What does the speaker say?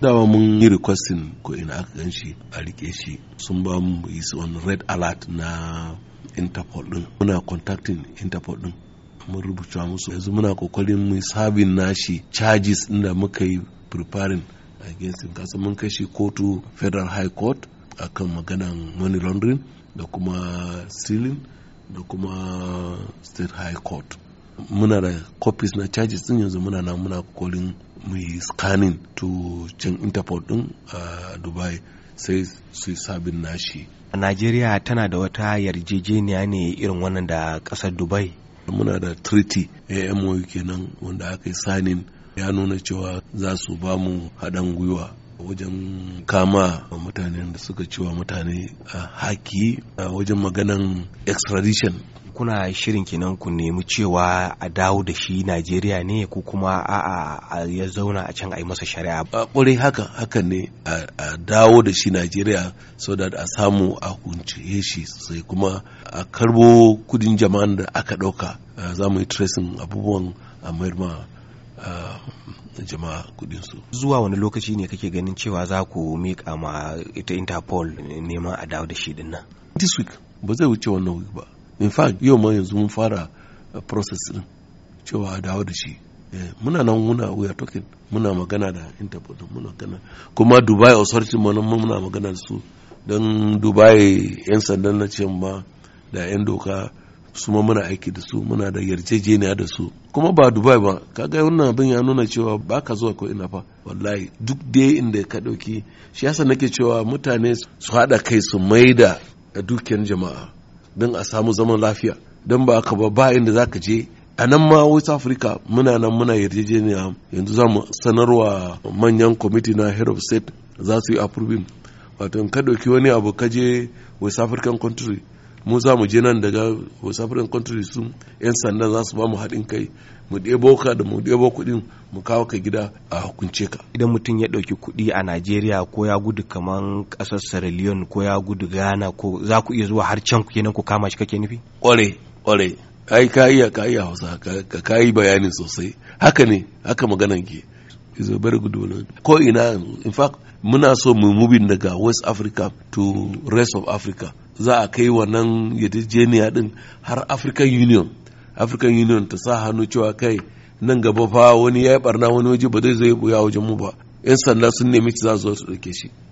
dama mun yi requesting ko ina aka gan shi a rike shi sun ba mu yi wani red alert na interpol din muna contacting interpol din mun rubuta musu yanzu muna kokarin mu sabin nashi charges da muka yi preparing against him kasa mun shi kotu federal high court akan maganan money laundering da kuma stealing da kuma state high court muna da copies na charges din yanzu muna na muna kokarin mu yi scanning to can interpol din a dubai sai su sabin nashi Najeriya tana da wata yarjejeniya ne irin wannan da kasar dubai muna da treaty amoyu kenan wanda aka yi sanin ya nuna cewa za su ba mu haɗin gwiwa wajen kama mutane da suka cewa mutane a haki a wajen maganan extradition kuna shirin kenan ku nemi cewa a dawo da shi najeriya ne ko kuma a'a ya zauna a can a yi masa shari'a ba kwarai haka haka ne a dawo da shi najeriya so da a samu a hukunce shi sai kuma a karbo kudin jama'an da aka ɗauka za mu yi tracing abubuwan a jama'a kudin su zuwa wani lokaci ne kake ganin cewa za ku miƙa ma ita interpol neman a dawo da shi din this week ba zai wuce wannan week ba in fact yau ma yanzu mun fara uh, process din cewa a dawo da shi eh, muna nan muna we are talking muna magana da interpol muna magana kuma dubai authority mana muna magana da su don dubai yan sandan na ce ma da yan doka su ma muna aiki da su muna da yarjejeniya da su kuma ba dubai ba kaga wannan abin ya nuna cewa ba ka zuwa ko ina fa wallahi duk dai inda ka dauki shi yasa nake cewa mutane su hada kai su maida dukiyar jama'a don a samu zaman lafiya don ba ka ba ba inda za ka je a nan ma west africa muna nan muna yarjejeniya yanzu za mu sanarwa manyan kwamiti na head of state za su yi approving wato in ka ɗauki wani abu ka je west african country mu za mu je nan daga West kontri countries sun yan sandan za su ba mu haɗin kai mu ɗebo ka da mu ɗebo kuɗin mu kawo ka gida a hukunce ka. Idan mutum ya ɗauki kuɗi a Najeriya ko ya gudu kamar ƙasar Sierra Leone ko ya gudu Ghana ko za ku iya zuwa har can ku kenan ku kama shi kake nufi? Ƙware ƙware ai ka iya ka iya Hausa ka ka yi bayani sosai haka ne haka maganan ke. izo a gudu good Ko ina in fact muna so mu mubin daga West Africa to rest of Africa. za a kai wannan yarjejeniya din har african union african union ta sa hannu cewa kai nan gaba fa wani ya yi barna wani waje ba zai zai buya wajen mu ba yan sanda sun nemi ci za su ɗauke shi